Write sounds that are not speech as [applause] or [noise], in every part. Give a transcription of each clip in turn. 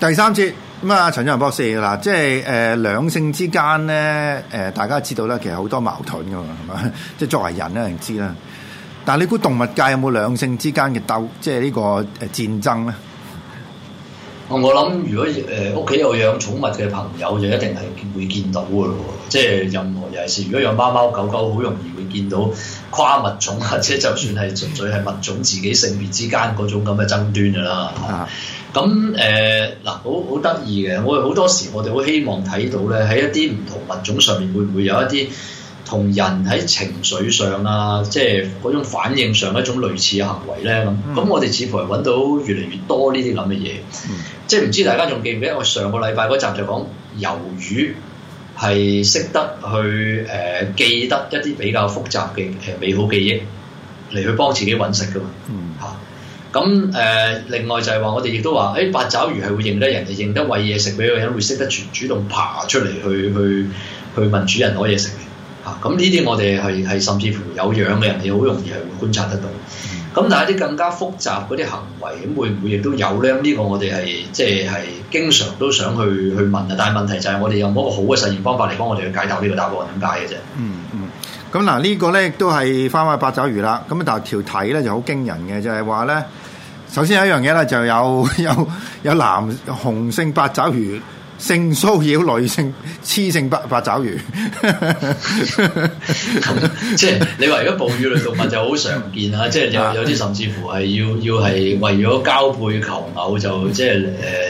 第三節咁啊，陳志宏博士嗱，即係誒、呃、兩性之間咧，誒、呃、大家知道咧，其實好多矛盾噶嘛，係嘛？即係作為人咧，人知啦。但係你估動物界有冇兩性之間嘅鬥，即係呢個誒戰爭咧？我我諗，如果誒屋企有養寵物嘅朋友，就一定係會見到嘅喎。即係任何嘢事，尤其是如果養貓貓狗狗，好容易。見到跨物種，或者就算係、嗯、純粹係物種自己性別之間嗰種咁嘅爭端㗎喇。咁誒嗱，好好得意嘅。我哋好多時，我哋好希望睇到咧，喺一啲唔同物種上面，會唔會有一啲同人喺情緒上啊，即係嗰種反應上一種類似嘅行為咧？咁咁、嗯，我哋似乎係揾到越嚟越多呢啲咁嘅嘢。即係唔知大家仲記唔記得我上個禮拜嗰集就講魷魚。係識得去誒、呃、記得一啲比較複雜嘅誒美好記憶嚟去幫自己揾食㗎嘛，嚇，咁誒另外就係話我哋亦都話，誒、哎、八爪魚係會認得人，哋，認得餵嘢食俾個人，會識得主主動爬出嚟去去去，去問主人攞嘢食嘅嚇，咁呢啲我哋係係甚至乎有養嘅人又好容易係會觀察得到。咁但係啲更加複雜嗰啲行為，咁會唔會亦都有咧？呢個我哋係即係係經常都想去去問啊。但係問題就係我哋有冇一個好嘅實驗方法嚟幫我哋去解答呢個答案係點解嘅啫？嗯，嗯嗯。咁嗱，呢個咧亦都係翻翻八爪魚啦。咁但係條體咧就好驚人嘅，就係話咧，首先有一樣嘢啦，就有有有藍紅性八爪魚。性騷擾女性，雌性八八爪魚， [laughs] [laughs] 即係你話，如果哺乳類動物就好常見啊， [laughs] 即係有有啲甚至乎係要要係為咗交配求偶就 [laughs] 即係誒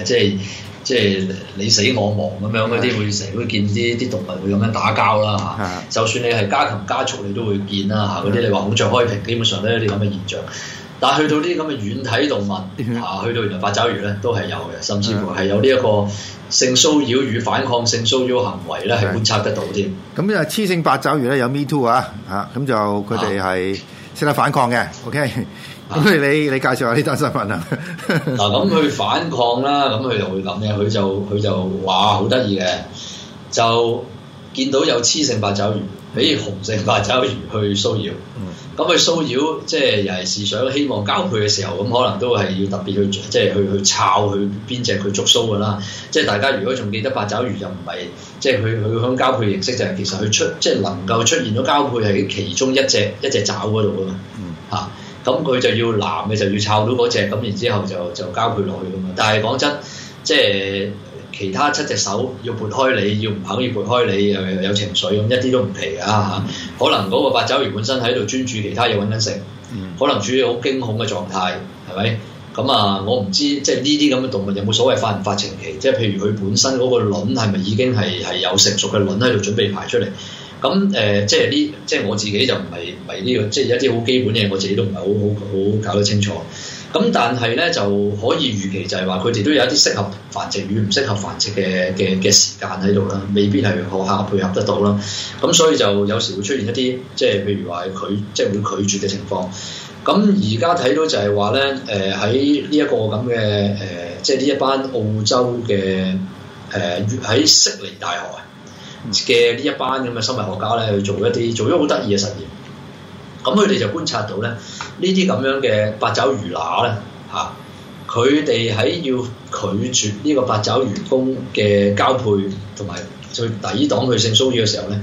即係即係你死我亡咁樣嗰啲會成日會見啲啲動物會咁樣打交啦吓， [laughs] 就算你係家禽家畜你都會見啦吓，嗰啲 [laughs] [laughs] 你話孔雀開屏，基本上都有啲咁嘅現象。但係去到呢啲咁嘅軟體動物啊，去到原來八爪魚咧，都係有嘅，甚至乎係有呢一個性騷擾與反抗性騷擾行為咧，係觀察得到添。咁啊，雌性八爪魚咧有 Me Too 啊，嚇，咁就佢哋係識得反抗嘅。OK，咁不如你你介紹下呢單新聞啊？嗱，咁佢反抗啦，咁佢就會諗咩？佢就佢就哇，好得意嘅，就～見到有雌性八爪魚，比如雄性八爪魚去騷擾，咁佢、嗯、騷擾即係又係是想希望交配嘅時候，咁可能都係要特別去即係、就是、去去摷佢邊隻去捉騷㗎啦。即係大家如果仲記得八爪魚又唔係即係佢佢響交配形式就係其實佢出即係能夠出現咗交配喺其中一隻一隻爪嗰度㗎嘛。嚇、嗯，咁佢、啊、就要男嘅就要摷到嗰隻，咁然後之後就就交配落去㗎嘛。但係講真，即係。其他七隻手要撥開你，要唔肯要撥開你，又有情緒咁，一啲都唔奇啊，可能嗰個八爪魚本身喺度專注其他嘢揾緊食，嗯、可能處於好驚恐嘅狀態，係咪？咁啊，我唔知即係呢啲咁嘅動物有冇所謂發唔發情期，即係譬如佢本身嗰個卵係咪已經係係有成熟嘅卵喺度準備排出嚟？咁誒、呃，即係呢，即係我自己就唔係唔係呢個，即係一啲好基本嘅，我自己都唔係好好好搞得清楚。咁但係咧，就可以預期就係話佢哋都有一啲適合繁殖與唔適合繁殖嘅嘅嘅時間喺度啦，未必係學校配合得到啦。咁所以就有時會出現一啲，即係譬如話佢即係會拒絕嘅情況。咁而家睇到就係話咧，誒喺呢一個咁嘅誒，即係呢一班澳洲嘅誒，喺、呃、悉尼大學嘅呢一班咁嘅生物學家咧，去做一啲做咗好得意嘅實驗。咁佢哋就觀察到咧，呢啲咁樣嘅八爪魚乸咧吓，佢哋喺要拒絕呢個八爪魚公嘅交配同埋去抵擋佢性騷擾嘅時候咧，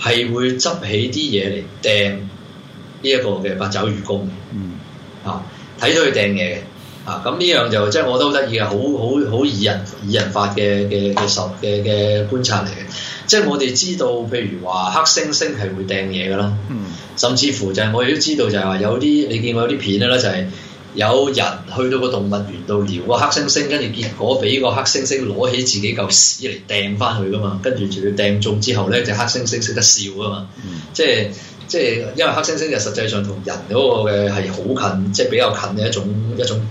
係會執起啲嘢嚟掟呢一個嘅八爪魚公。嗯，吓，睇到佢掟嘢嘅。啊，咁呢樣就即係我都好得意嘅，好好好擬人擬人法嘅嘅嘅十嘅嘅觀察嚟嘅。即係我哋知道，譬如話黑猩猩係會掟嘢㗎啦。嗯。甚至乎就係、是、我哋都知道就，就係話有啲你見過有啲片啦，就係、是、有人去到個動物園度撩個黑猩猩，跟住結果俾個黑猩猩攞起自己嚿屎嚟掟翻佢㗎嘛。跟住仲要掟中之後咧，就黑猩猩識得笑㗎嘛。即係即係，因為黑猩猩就實際上同人嗰個嘅係好近，即、就、係、是、比較近嘅一種一種。一種一種一種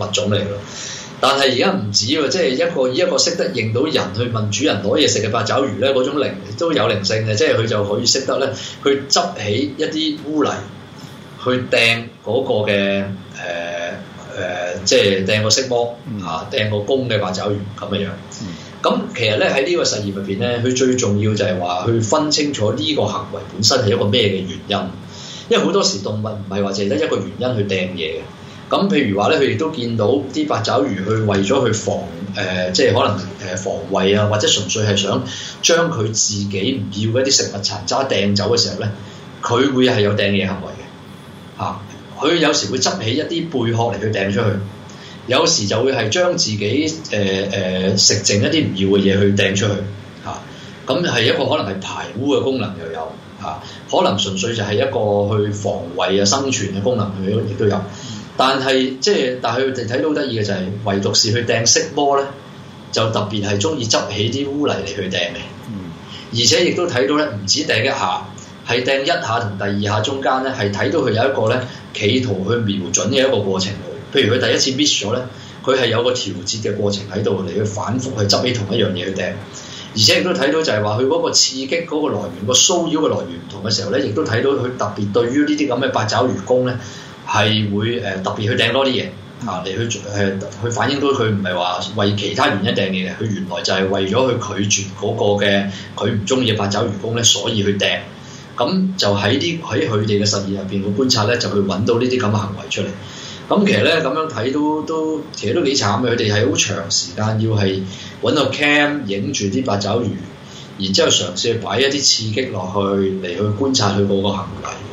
物種嚟咯，但係而家唔止喎，即係一個一個識得認到人去問主人攞嘢食嘅八爪魚咧，嗰種靈都有靈性嘅，即係佢就可以識得咧，去執起一啲污泥去掟嗰個嘅誒誒，即係掟個色魔啊，掟個公嘅八爪魚咁樣。咁其實咧，喺呢個實驗入邊咧，佢最重要就係話去分清楚呢個行為本身係一個咩嘅原因，因為好多時動物唔係話淨係得一個原因去掟嘢嘅。咁譬如話咧，佢亦都見到啲八爪魚去為咗去防誒、呃，即係可能誒防衞啊，或者純粹係想將佢自己唔要嘅一啲食物殘渣掟走嘅時候咧，佢會係有掟嘢行為嘅嚇。佢、啊、有時會執起一啲貝殼嚟去掟出去，有時就會係將自己誒誒、呃呃、食剩一啲唔要嘅嘢去掟出去嚇。咁、啊、係一個可能係排污嘅功能又有嚇、啊，可能純粹就係一個去防衞啊生存嘅功能佢亦都有。但係即係，但係佢哋睇到好得意嘅就係、是，唯獨是去掟色波咧，就特別係中意執起啲污泥嚟去掟嘅。嗯，而且亦都睇到咧，唔止掟一下，係掟一下同第二下中間咧，係睇到佢有一個咧，企圖去瞄準嘅一個過程。譬如佢第一次 miss 咗咧，佢係有個調節嘅過程喺度嚟去反覆去執起同一樣嘢去掟，而且亦都睇到就係話佢嗰個刺激嗰個來源、個騷擾嘅來源唔同嘅時候咧，亦都睇到佢特別對於呢啲咁嘅八爪魚公咧。係會誒、呃、特別去掟多啲嘢嚇嚟去去，去反映到佢唔係話為其他原因掟嘢嘅，佢原來就係為咗去拒絕嗰個嘅佢唔中意八爪魚公咧，所以去掟。咁、嗯、就喺啲喺佢哋嘅實驗入邊，去觀察咧就去揾到呢啲咁嘅行為出嚟。咁、嗯、其實咧咁樣睇都都其實都幾慘嘅，佢哋係好長時間要係揾個 cam 影住啲八爪魚，然之後嘗試擺一啲刺激落去嚟去觀察佢嗰個行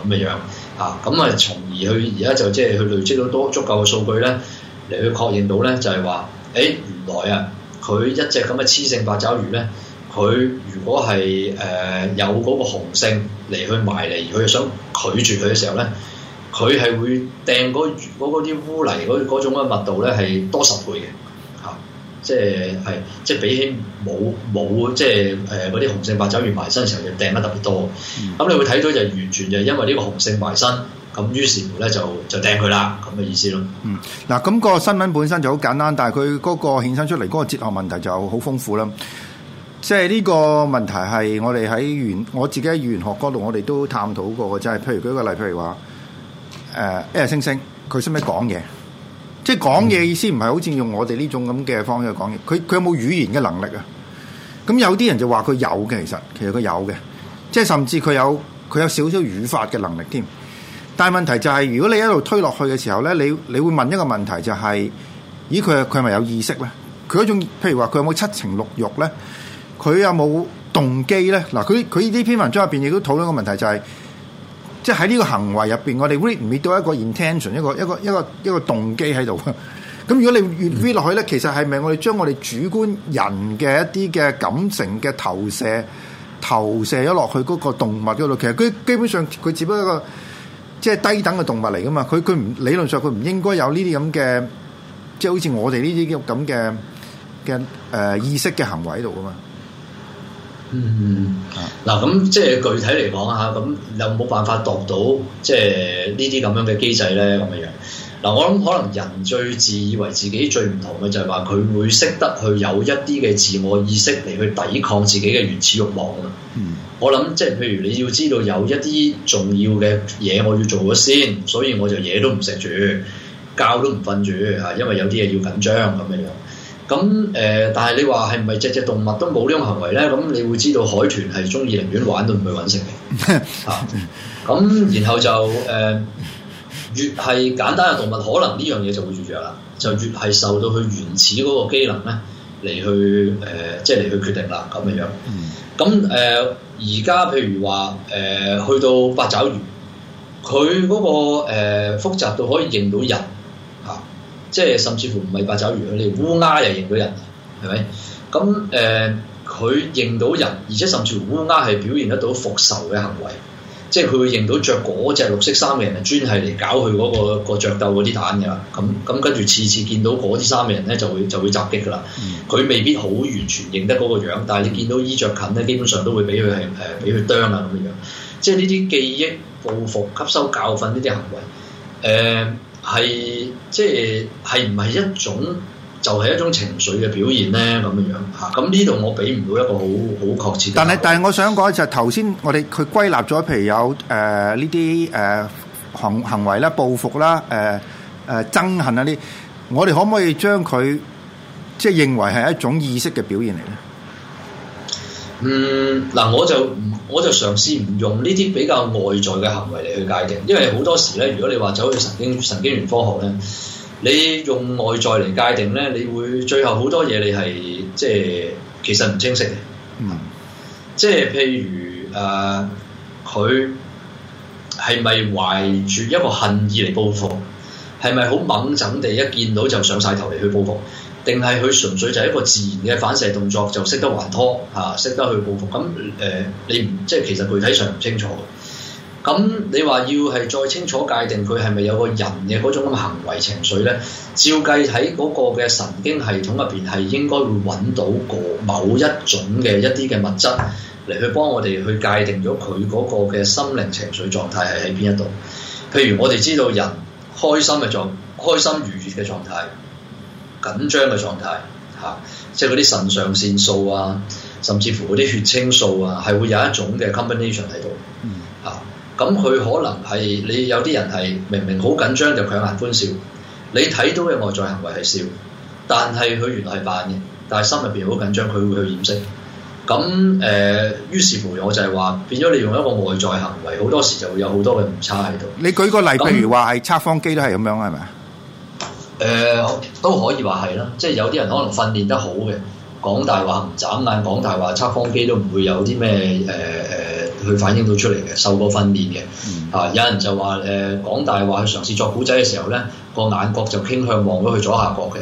為咁嘅樣。啊，咁啊，從而去而家就即係去累積到多足夠嘅數據咧，嚟去確認到咧就係話，誒、欸、原來啊，佢一隻咁嘅雌性八爪魚咧，佢如果係誒、呃、有嗰個雄性嚟去埋嚟，佢想拒絕佢嘅時候咧，佢係會掟嗰啲污泥嗰種嘅密度咧係多十倍嘅。即係，係即係比起冇冇即係誒嗰啲雄性八爪魚埋身時候，就掟得特別多。咁你會睇到就完全就因為呢個雄性埋身，咁於是乎咧就就掟佢啦，咁嘅意思咯。嗯，嗱，咁個新聞本身就好簡單，但係佢嗰個衍生出嚟嗰個哲學問題就好豐富啦。即係呢個問題係我哋喺語，我自己喺語言學嗰度，我哋都探討過嘅，就係、是、譬如舉個例，譬如話誒、呃，猩猩，佢識唔識講嘢？即係講嘢意思唔係好似用我哋呢種咁嘅方式去講嘢，佢佢有冇語言嘅能力啊？咁有啲人就話佢有嘅，其實其實佢有嘅，即係甚至佢有佢有少少語法嘅能力添。但係問題就係，如果你一路推落去嘅時候咧，你你會問一個問題就係：咦，佢係佢係咪有意識咧？佢嗰種譬如話佢有冇七情六欲咧？佢有冇動機咧？嗱，佢佢呢篇文章入邊亦都討論個問題就係。即喺呢個行為入邊，我哋 read meet 到一個 intention，一個一個一個一個動機喺度。咁 [laughs] 如果你越 read 落去咧，其實係咪我哋將我哋主觀人嘅一啲嘅感情嘅投射投射咗落去嗰個動物嗰度？其實佢基本上佢只不過一個即係低等嘅動物嚟㗎嘛。佢佢唔理論上佢唔應該有呢啲咁嘅，即係好似我哋呢啲咁嘅嘅誒意識嘅行為喺度㗎嘛。嗯嗱咁、嗯嗯啊、即係具體嚟講吓，咁、啊、有冇辦法度到即係呢啲咁樣嘅機制呢？咁嘅樣，嗱、啊，我諗可能人最自以為自己最唔同嘅就係話佢會識得去有一啲嘅自我意識嚟去抵抗自己嘅原始欲望啊！嗯、我諗即係，譬如你要知道有一啲重要嘅嘢我要做咗先，所以我就嘢都唔食住，覺都唔瞓住啊，因為有啲嘢要緊張咁嘅樣。咁誒、呃，但係你話係唔係隻隻動物都冇呢種行為咧？咁你會知道海豚係中意寧願玩都唔去揾食嘅，嚇、 [laughs] 啊。咁然後就誒、呃，越係簡單嘅動物，可能呢樣嘢就會越弱啦，就越係受到佢原始嗰個機能咧嚟去誒，即係嚟去決定啦，咁嘅樣。咁誒， [laughs] 而、呃、家譬如話誒、呃，去到八爪魚，佢嗰、那個誒、呃、複雜到可以認到人。即係甚至乎唔係八爪魚，佢哋烏鴉又認到人，係咪？咁誒，佢、呃、認到人，而且甚至乎烏鴉係表現得到復仇嘅行為，即係佢會認到着嗰隻綠色衫嘅人專、那個，專係嚟搞佢嗰個雀竇嗰啲蛋㗎啦。咁咁跟住次次見到嗰啲衫嘅人咧，就會就會襲擊㗎啦。佢、嗯、未必好完全認得嗰個樣，但係你見到衣着近咧，基本上都會俾佢係誒俾佢啄啊咁樣。即係呢啲記憶報復、吸收教訓呢啲行為，誒、呃。呃係即係唔係一種就係一種情緒嘅表現咧，咁樣樣嚇。咁呢度我俾唔到一個好好確切。但係但係我想講就係頭先我哋佢歸納咗，譬如有誒呢啲誒行行為咧，報復啦，誒誒憎恨嗰呢，我哋可唔可以將佢即係認為係一種意識嘅表現嚟咧？嗯，嗱我就唔，我就嘗試唔用呢啲比較外在嘅行為嚟去界定，因為好多時咧，如果你話走去神經神經元科學咧，你用外在嚟界定咧，你會最後好多嘢你係即係其實唔清晰嘅。嗯，即係譬如誒，佢係咪懷住一個恨意嚟報復？係咪好猛憎地一見到就上晒頭嚟去報復？定係佢純粹就係一個自然嘅反射動作，就識得還拖嚇，啊，識得去報復。咁誒、呃，你唔即係其實具體上唔清楚。咁你話要係再清楚界定佢係咪有個人嘅嗰種咁行為情緒呢？照計喺嗰個嘅神經系統入邊係應該會揾到個某一種嘅一啲嘅物質嚟去幫我哋去界定咗佢嗰個嘅心靈情緒狀態係喺邊一度。譬如我哋知道人開心嘅狀，開心愉悅嘅狀態。緊張嘅狀態，嚇、啊，即係嗰啲腎上腺素啊，甚至乎嗰啲血清素啊，係會有一種嘅 combination 喺度，嚇、啊。咁、嗯、佢、啊、可能係你有啲人係明明好緊張就強顏歡笑，你睇到嘅外在行為係笑，但係佢原來係扮嘅，但係心入邊好緊張，佢會去掩飾。咁誒、呃，於是乎我就係話，變咗你用一個外在行為，好多時就會有好多嘅誤差喺度。你舉個例，譬、嗯、如話係測謊機都係咁樣，係咪？誒、呃、都可以話係啦，即係有啲人可能訓練得好嘅，講大話唔眨眼，講大話測謊機都唔會有啲咩誒去反映到出嚟嘅，受過訓練嘅。啊，有人就話誒、呃、講大話去嘗試作古仔嘅時候咧，個眼角就傾向望咗去左下角嘅。誒、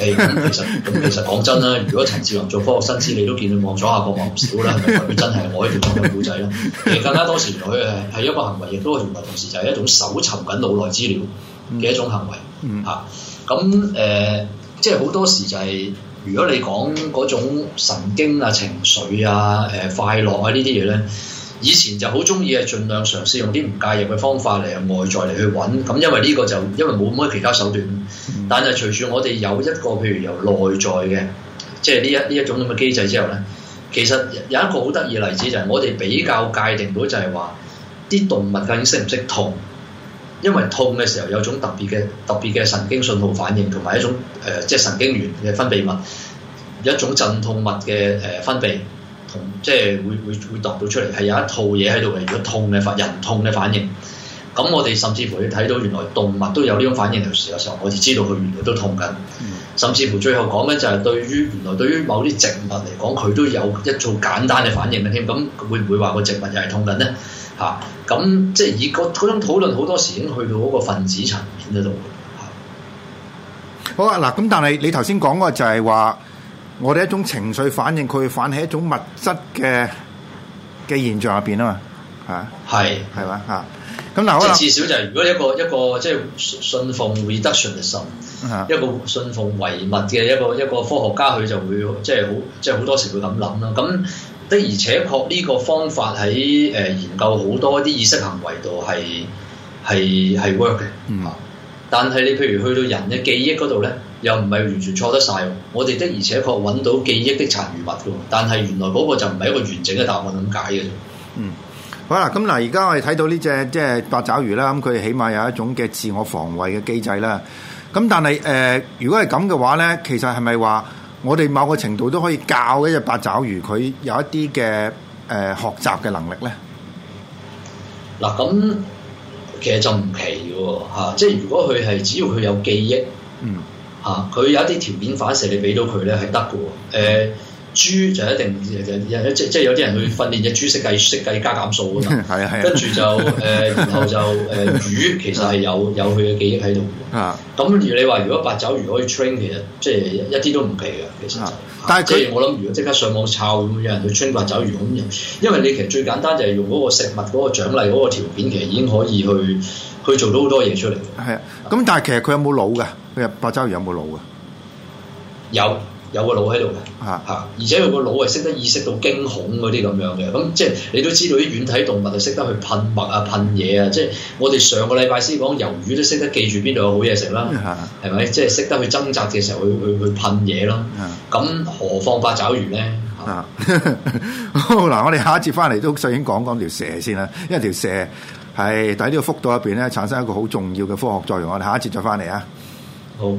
欸、咁其實咁其實講真啦，如果陳志雲做科學新知，你都見佢望左下角望唔少啦，係咪佢真係我呢條友有古仔咧？其實更加多時佢係係一個行為，亦都係同時就係一種搜尋緊腦內資料嘅一種行為。嗯嚇，咁誒、啊嗯，即係好多時就係、是，如果你講嗰種神經啊、情緒啊、誒、呃、快樂啊呢啲嘢咧，以前就好中意係盡量嘗試用啲唔介入嘅方法嚟，外在嚟去揾，咁因為呢個就因為冇乜其他手段。但係隨住我哋有一個譬如由內在嘅，即係呢一呢一種咁嘅機制之後咧，其實有一個好得意嘅例子就係我哋比較界定到就係話，啲動物究竟識唔識痛？因為痛嘅時候有種特別嘅特別嘅神經信號反應，同埋一種誒、呃、即係神經元嘅分泌物，有一種鎮痛物嘅誒、呃、分泌，同即係會會會彈到出嚟，係有一套嘢喺度嘅。如果痛嘅反人痛嘅反應，咁、嗯、我哋甚至乎你睇到原來動物都有呢種反應。有時候我哋知道佢原來都痛緊，甚至乎最後講緊就係對於原來對於某啲植物嚟講，佢都有一種簡單嘅反應嘅添。咁會唔會話個植物又係痛緊呢？嚇咁、啊、即係以個嗰種討論，好多時已經去到嗰個分子層面度嘅。啊好啊，嗱咁，但係你頭先講過就係話，我哋一種情緒反應，佢反喺一種物質嘅嘅現象入邊啊嘛，嚇係係嘛嚇，咁嗱即係至少就係如果一個一個即係信奉 reduction 嘅心，一個信奉唯物嘅一個一個科學家，佢就會即係好即係好多時會咁諗啦，咁。的而且確呢個方法喺誒、呃、研究好多啲意識行為度係係係 work 嘅，嚇、嗯啊。但係你譬如去到人嘅記憶嗰度咧，又唔係完全錯得晒。我哋的而且確揾到記憶的殘餘物嘅，但係原來嗰個就唔係一個完整嘅答案咁解嘅。嗯，好啦，咁嗱，而家我哋睇到呢隻即係八爪魚啦，咁佢起碼有一種嘅自我防衛嘅機制啦。咁但係誒、呃，如果係咁嘅話咧，其實係咪話？我哋某個程度都可以教一隻八爪魚，佢有一啲嘅誒學習嘅能力咧。嗱，咁其實就唔奇嘅喎，嚇，即係如果佢係只要佢有記憶，嗯，嚇，佢有一啲條件反射，你俾到佢咧係得嘅喎，誒。豬就一定即係有啲人去訓練隻豬識計識計加減數㗎啦，跟住就誒，然後就誒魚其實係有有佢嘅記憶喺度，咁如你話如果八爪魚可以 train，其實即係一啲都唔奇嘅，其實就，但係即係我諗如果即刻上網抄，咁有人去 train 八爪魚咁型，因為你其實最簡單就係用嗰個食物嗰個獎勵嗰個條件，其實已經可以去去做到好多嘢出嚟。係咁，但係其實佢有冇腦㗎？佢八爪魚有冇腦㗎？有。有個腦喺度嘅，嚇嚇、啊，而且佢個腦係識得意識到驚恐嗰啲咁樣嘅，咁即係你都知道啲軟體動物係識得去噴墨啊、噴嘢啊，即係我哋上個禮拜先講魷魚都識得記住邊度有好嘢食啦，係咪、啊？即係識得去掙扎嘅時候去去去噴嘢咯，咁、啊、何況八爪魚咧？嗱、啊， [laughs] 我哋下一節翻嚟都首先講講條蛇先啦，因為條蛇係喺呢個幅度入邊咧產生一個好重要嘅科學作用，我哋下一節再翻嚟啊。好。